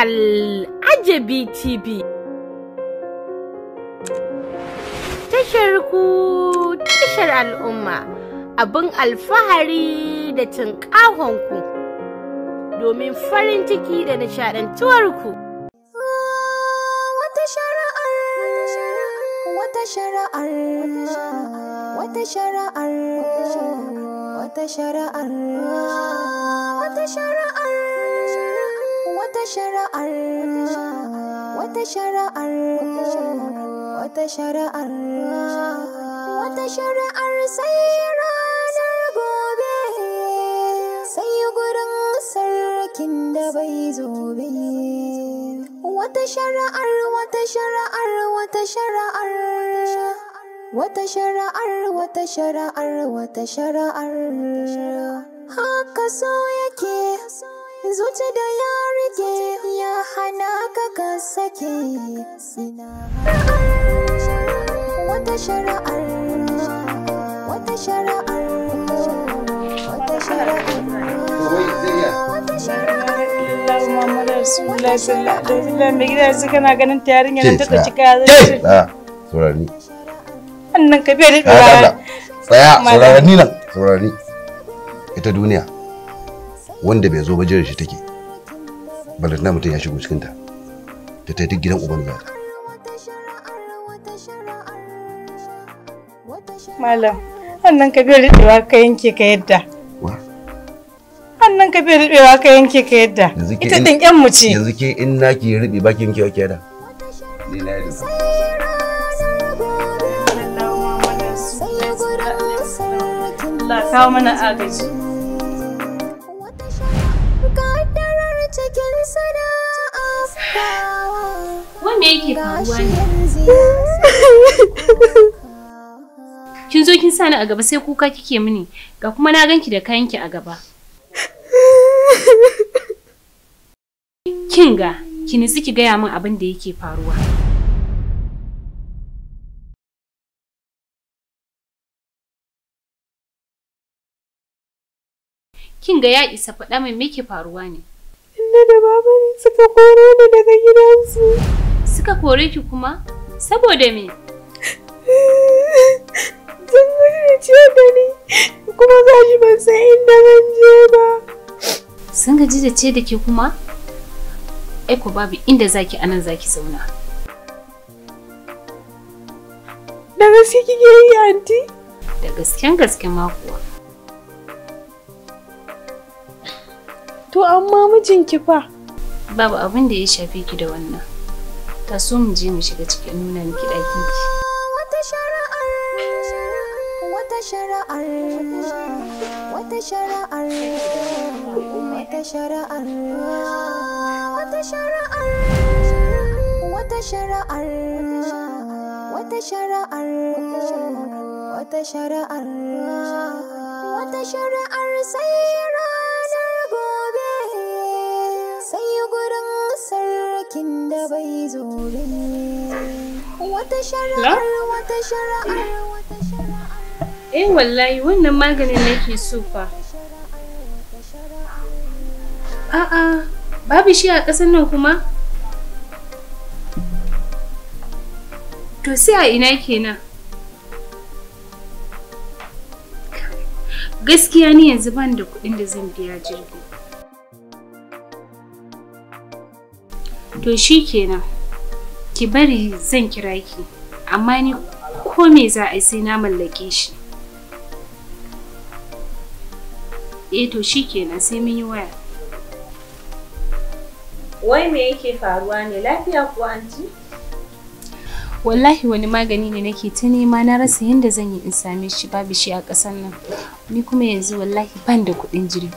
Al'ajabi TV. Tashar ku tashar al'umma abin alfahari da ku domin farin ciki da nishadantuwarku. Wata shara'ar, wata shara'ar, wata shara'ar, wata shara'ar, wata shara'ar. wata shara'ar wata shara'ar wata shara'ar wata shara'ar sai ranar gobe sai gurin sarkin da bai zobe wata shara'ar wata shara'ar wata shara'ar wata shara'ar wata shara'ar wata shara'ar haka soya zuce da ya rike ya hana ka ka sake wata shara'ar wata shara'ar wata wata ganin ta yarinya ta cika ya zai saurari annan ka da tsaya saurari nan saurari ita duniya wanda bai zo ba jiran shi take na mutum ya shigo cikinta ta ta duk gidan uban za malam annan ka bai rubewa ka yanke ka yadda annan ka bai rubewa ka yanke ka yadda ita din yan mu yanzu ke in naki riɓe baki yanke wa ke yadda ni na yadda Allah kawo mana agaji. me yake faruwa ne? Kin zo kin sani a gaba sai kuka kike mini, ga kuma na ganki da kayanki a gaba. Kin ga, kini nitsi ki gaya min abin da yake faruwa. Kin ga ya isa faɗa min me ke faruwa ne? Inna da baba ne suka kore ni daga gidansu. suka kore ki kuma? Saboda me? Sun gudu ciwo da ni, kuma za shi ban san inda zan je ba. Sun gaji da ce da ke kuma? Eko babu inda zaki anan zaki zauna. Da gaske kike yi anti? Da gasken gaske ma kuwa. To amma mijinki fa? Babu abin da ya shafe ki da wannan. ta so mu je mu shiga cikin nuna miki ɗakin ki. Wata shara'ar, wata shara'ar, wata shara'ar, wata shara'ar, wata shara'ar, wata shara'ar, wata shara'ar, wata shara'ar, wata shara'ar sai zure wata shara'ar wata shara'ar wata shara'ar eh wallahi wannan maganin nake so fa a'a babu shi a ƙasar nan kuma to sai a ina kenan gaskiya ni yanzu ban da kuɗin da zan biya jirgi to shi kenan ki bari zan kira ki amma ni ko me za a yi sai na mallake shi eh to shikenan sai mun yi waya wai me yake faruwa ne lafiya kuwa anti wallahi wani magani ne nake ta nema na rasa yadda zan yi in same shi babu shi a ƙasar nan ni kuma yanzu wallahi ban da kuɗin jirgi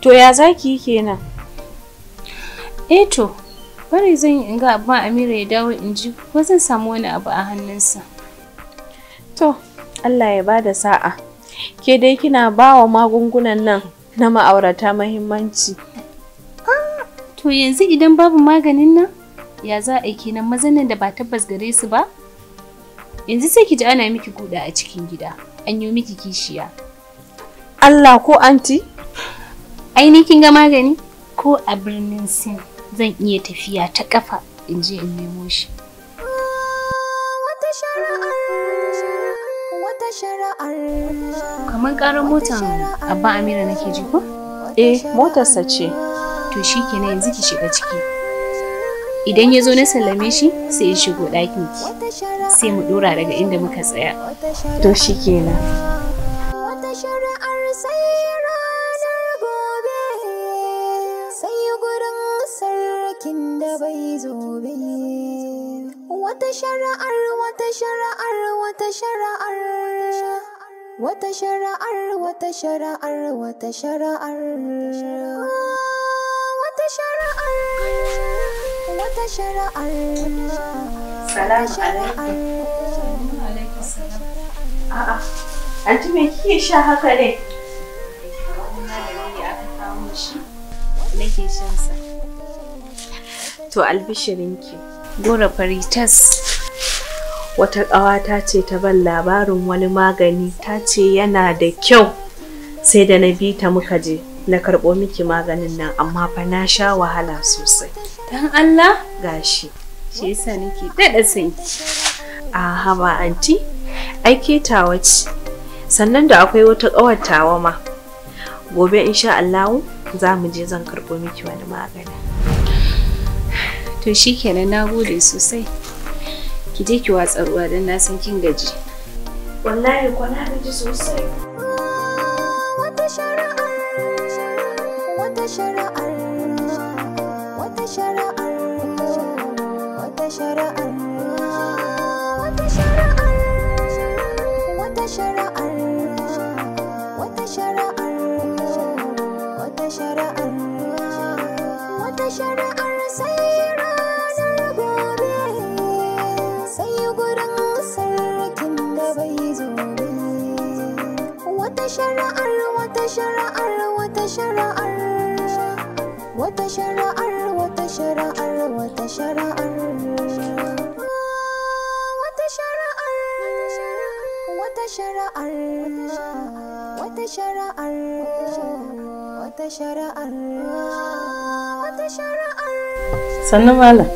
to ya zaki yi kenan eh to bari zan yi in ga abba Amira ya dawo in ji ko zan samu wani abu a hannunsa. To, Allah ya bada sa'a. Ke dai kina ba wa magungunan nan na ma'aurata mahimmanci. Ah, to yanzu idan babu maganin nan, ya za a kenan mazanin da ba tabbas gare su ba? Yanzu sai ki ji ana miki guda a cikin gida, an yi miki kishiya. Allah ko anti? Ainihin ga magani ko a birnin Sin. zan iya tafiya ta ƙafa in je in nemo shi. Kamar ƙarar motar Abba Amira nake ji ko? Eh, motarsa ce. To shi na yanzu ki shiga ciki. Idan ya zo na sallame shi sai ya shigo ɗakin Sai mu ɗora daga inda muka tsaya. To shi ke Wata sai cikin da bai zo Wata shara'ar, wata shara'ar, wata shara'ar. Wata shara'ar, wata shara'ar, wata shara'ar. Ah, wata shara'ar, wata shara'ar. Salamu alaikum. A'a, anti me kike sha haka ne? Wannan da ne aka kawo shi. Nake shan sa. To albishirinki, gora faritas tas. Wata ƙawata ce ta ban labarin wani magani ta ce yana da kyau sai da na bi ta muka je na karɓo miki maganin nan amma fa na sha wahala sosai. Dan Allah gashi. Shi yasa nake daɗa sanki. A haba anti, aike ke tawaci Sannan da akwai wata ƙawar tawa ma. Gobe insha Allahu za mu je zan karɓo miki wani magani. to shikenan na gode sosai ki je ki watsa ruwa don na san kin gaji wallahi ko na gaji sosai wata shari'ar wata shari'ar wata shari'ar wata shari'ar wata shari'ar wata shari'ar wata shari'ar wata shari'ar sannu malam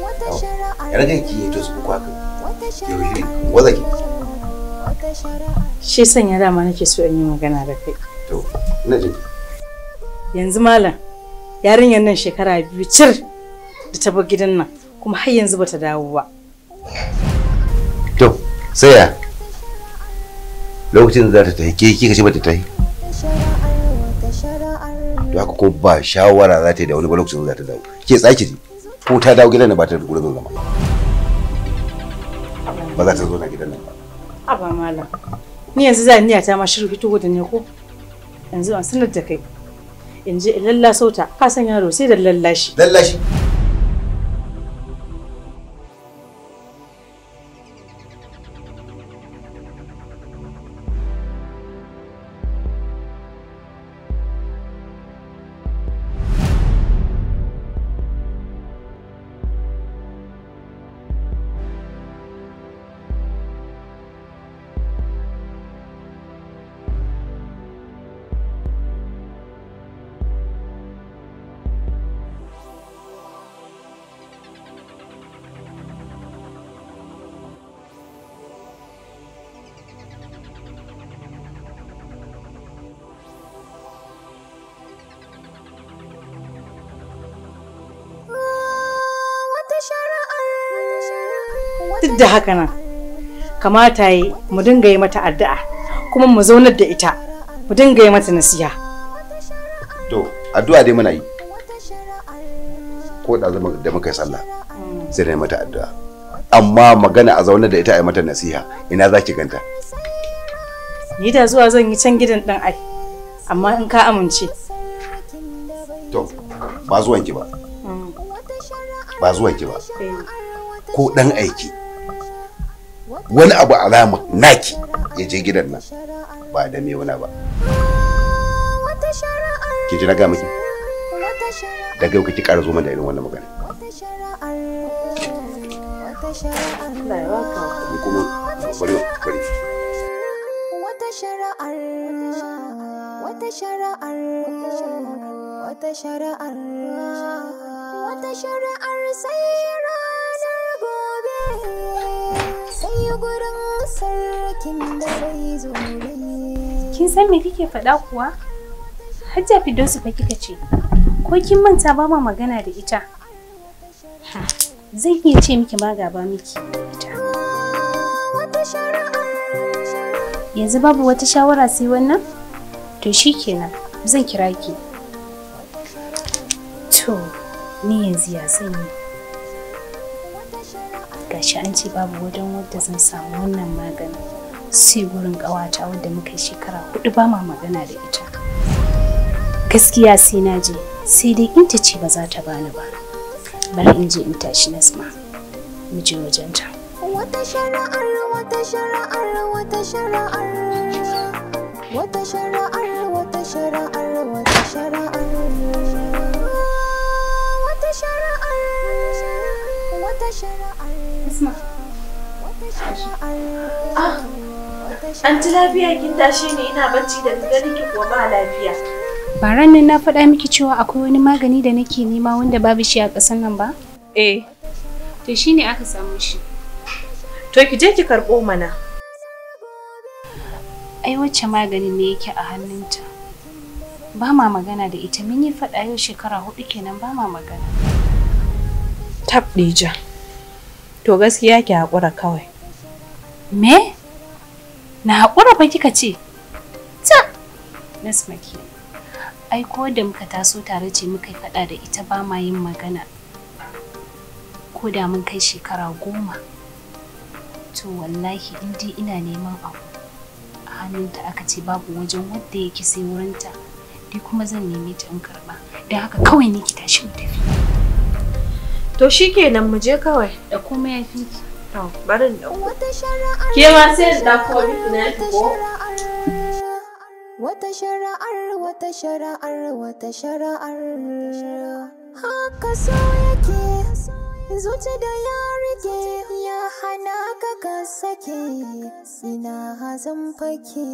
yar ganki ki to su kwa ka yaushe waza ki shi sanya dama nake so in yi magana da kai to ina jin yanzu malam yarinyar nan shekara biyu cir da ta bar gidan nan kuma har yanzu bata dawo ba to sai ya lokacin da za ta tafi ke kika ce bata tafi to haka ko ba shawara za ta yi da wani ba lokacin za ta dawo ke tsaki ji ko ta dawo gidan nan ba ta da gurin zama ba za ta zo na gidan nan ba aba malam ni yanzu za ni ta ma shiru fito da ne ko yanzu an sanar da kai in je in lallasa ta ka san yaro sai da lallashi lallashi duk da haka nan kamata yi mu dinga yi mata addu'a kuma mu zaunar da ita mu dinga yi mata nasiha to addu'a dai muna yi ko da zama da muka yi sallah mm. sai da mata addu'a amma magana a zaunar da ita a mata nasiha ina za ki ganta ni da zuwa zan yi can gidan dan ai amma in ka amince to ba zuwanki ba mm. ba zuwanki ba eh. ko dan aiki wani abu alama naki ya je gidan nan ba da me wani ba ki ji na ga miki daga yau kake ƙara zo da irin wannan magana wata shara'ar wata shara'ar wata shara'ar wata shara'ar sai gurin sarkin Kin san me kike faɗa kuwa? Hajja Fidosu fa kika ce, ko kin manta ba ma magana da ita? Zan iya ce miki ma gaba miki ita. Yanzu babu wata shawara sai wannan? To shi kenan, zan kira ki. To, ni yanzu ya sanyi. gashi an ce babu wajen wadda zan samu wannan maganin sai gurin ƙawata wadda muka shekara hudu ba ma magana da ita gaskiya sai na je sai dai in ta ce ba za ta bani ba bari in je in tashi nasma mu je wajenta wata shara'ar wata shara'ar wata shara'ar wata shara'ar wata shara'ar An ji lafiya kin tashi ne ina bacci da ganin ki kuwa ba lafiya. Ba ranar na faɗa miki cewa akwai wani magani da nake nema wanda babu shi a ƙasar nan ba? Eh. To shine aka samu shi. To ki je ki karɓo mana. Ai wacce maganin ne yake a hannunta? Ba ma magana da ita mun yi faɗa yau shekara hudu kenan ba ma magana. Tabdija. To gaskiya ki haƙura kawai. Me? na haƙura ba kika ce ta nasmaki ai ko da muka taso tare ce muka faɗa da ita ba ma yin magana ko da mun kai shekara goma to wallahi in ina neman abu a hannunta aka ce babu wajen wadda yake sai wurinta ni kuma zan neme ta in karɓa don haka kawai ni ki tashi mu tafi to shikenan mu je kawai da komai ya fi ki barin ke ma sai da ko na ko wata shara'ar wata shara'ar wata shara'ar haka so yake zuci da ya rike ya hana ka ka sake ina hazan fake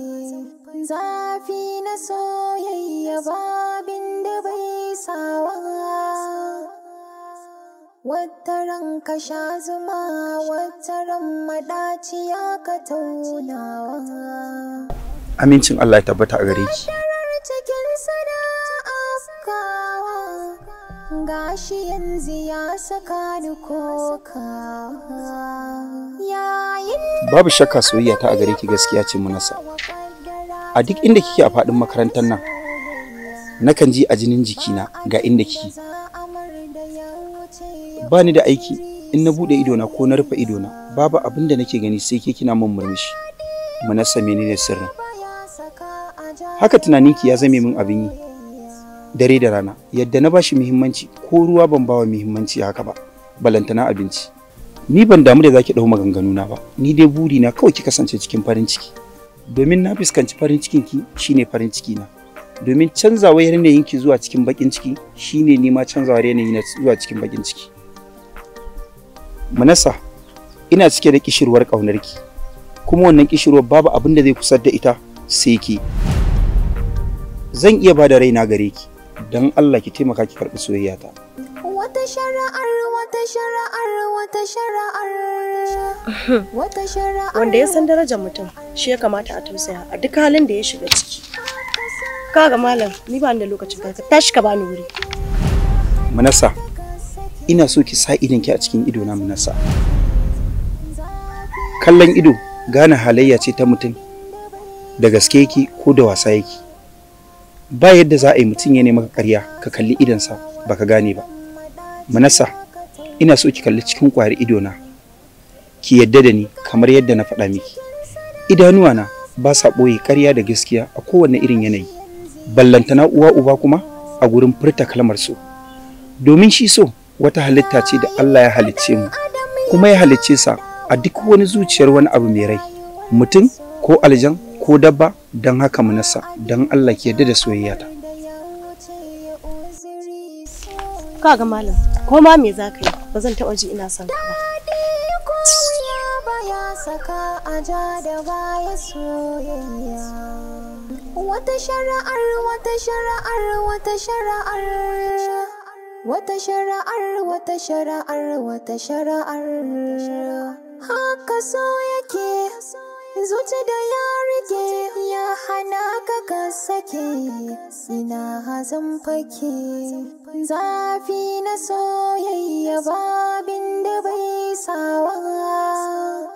zafi na soyayya babin da bai sawa Wataran ka sha zuma, wataran maɗaciya ka taunawa. Amincin Allah ya tabbata a gare ki. cikin gashi yanzu ya saka ni kokawa. Babu shakka soyayya ta a gare ki gaskiya ce munasa. A duk inda kike a faɗin makarantar nan, nakan ji a jinin jikina ga inda kike. ba ni da aiki in na buɗe idona ko na rufe idona babu abin da nake gani sai ke kina min murmushi manasa menene sirrin haka tunanin ki ya zame min abin yi dare da rana yadda na bashi muhimmanci ko ruwa ban bawa muhimmanci haka ba balantana abinci ni ban damu da zaki maganganu na ba ni dai buri na kawai ki kasance cikin farin ciki domin na fuskanci farin cikin ki shine farin ciki na domin canzawa yanayin ki zuwa cikin bakin ciki shine ni ma canzawar yanayi na zuwa cikin bakin ciki Manasa, ina cike da kishirwar ƙaunarki, kuma wannan kishirwar babu abin da zai kusar da ita sai ki. Zan iya ba da raina gare ki, don Allah ki taimaka ki karɓi soyayyata. Wata shara'ar, wata shara'ar, wata shara'ar. Wata shara'ar. Wanda ya san darajar mutum, shi ya kamata a tausaya a duk halin da ya shiga ciki. Kaga malam, ni ba ni da lokacin ka tashi ka bani wuri. Manasa, ina so ki sa ki a cikin ido na nasa kallon ido gane halayya ce ta mutum da gaske yake ko da wasa yake ba yadda za a yi mutum ya nemi ƙarya ka kalli idonsa baka gane ba Munasa, ina so ki kalli cikin ƙwari na ki yadda da ni kamar yadda na faɗa miki idanuwa na ba sa ɓoye ƙarya da gaskiya a kowane irin yanayi ballantana uwa uba kuma a gurin furta kalmar su. domin shi so wata halitta ce da Allah ya halicce mu kuma ya halicce sa a duk wani zuciyar wani abu mai rai mutum ko aljan ko dabba don haka mu nasa don Allah ke yarda da soyayya ta kaga malam ko ma me zaka yi ba zan taba ji ina son ka ba saka a ja da baya soyayya wata shara'ar wata shara'ar wata shara'ar wata shara'ar wata shara'ar wata shara'ar haka so yake zuci da ya rike ya hana ka ka sake ina hazan fake zafi na soyayya babin da bai sawa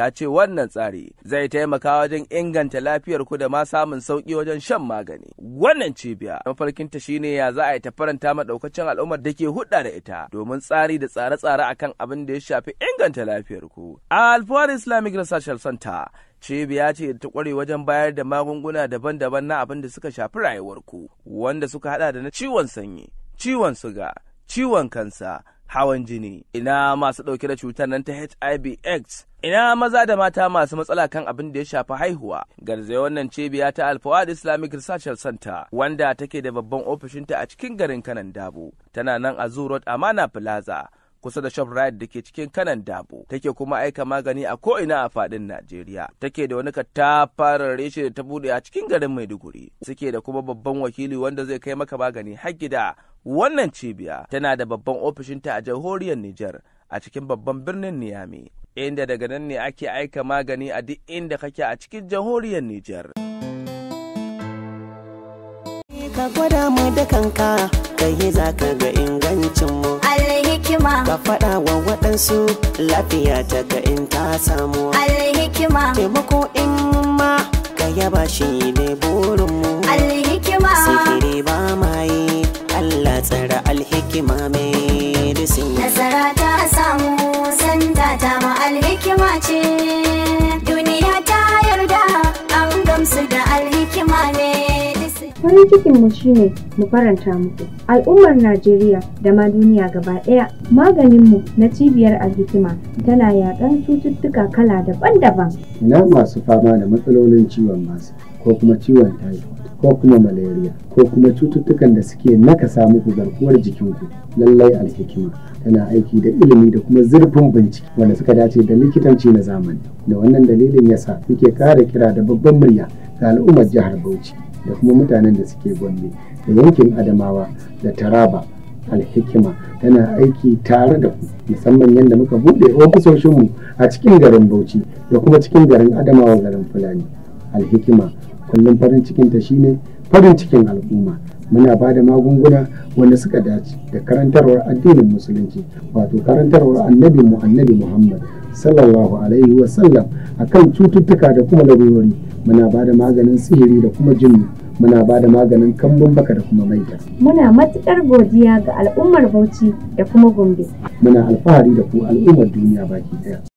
ta ce wannan tsari zai taimaka wajen inganta lafiyar ku da ma samun sauki wajen shan magani wannan cibiya mafarkinta shine ya za a yi ta faranta ma daukacin al'ummar da ke hudda da ita domin tsari da tsare-tsare akan abin da ya shafi inganta lafiyar ku alfawar islamic research center cibiya ce ta kware wajen bayar da magunguna daban-daban na abin da suka shafi rayuwar ku wanda suka hada da na ciwon sanyi ciwon suga ciwon kansa hawan jini ina masu ɗauke da cutar nan ta hiv aids ina maza da mata masu matsala kan abin da ya shafi haihuwa garzaya wannan cibiya ta alfawad islamic research center wanda take da babban ofishinta a cikin garin kanan dabo tana nan a zoo road amana plaza kusa da shoprite da ke cikin kanan dabo take kuma aika magani a ko ina a fadin najeriya take da wani katafaren reshe da ta bude a cikin garin maiduguri suke da kuma babban wakili wanda zai kai maka magani har gida Wannan cibiya tana da babban ofishinta a jamhuriyar Nijar a cikin babban birnin Niyami, inda daga nan ne ake aika magani a duk inda kake a cikin jamhuriyar Nijar. Ka gwada mu da kanka, ka yi zaka ga ingancinmu. Alhikima. Ka faɗa wa waɗansu lafiya ta ga in ta samu. Alhikima. Taimako in ma ka yaba shi ne burinmu. Alhikima. Sihiri ba mai. Allah tsara alhikima medicine nasara ta samu sanda ta ma alhikima ce duniya ta yarda an gamsu da alhikima medicine farin cikin mu ne mu faranta muku al'ummar Najeriya da ma duniya gaba ɗaya maganinmu na cibiyar alhikima tana yaƙan cututtuka kala daban-daban ina masu fama da matsalolin ciwon masu ko kuma ciwon taifoid ko kuma malaria ko kuma cututtukan da suke nakasa muku garkuwar jikinku lallai alhikima tana aiki da ilimi da kuma zurfin bincike wanda suka dace da likitanci na zamani da wannan dalilin yasa muke kara kira da babban murya ga al'ummar jihar Bauchi da kuma mutanen da suke Gombe da yankin Adamawa da Taraba alhikima tana aiki tare da ku musamman yadda muka buɗe ofisoshinmu a cikin garin Bauchi da kuma cikin garin Adamawa garin Fulani alhikima kullum farin cikin ta shine farin cikin al'umma muna ba da magunguna wanda suka dace da karantarwar addinin musulunci wato karantarwar annabi mu annabi muhammad sallallahu alaihi wa sallam akan cututtuka da kuma larurori muna ba da maganin sihiri da kuma jinni muna ba da maganin kambun baka da kuma maita muna matukar godiya ga al'ummar bauchi da kuma gombe muna alfahari da ku al'ummar duniya baki daya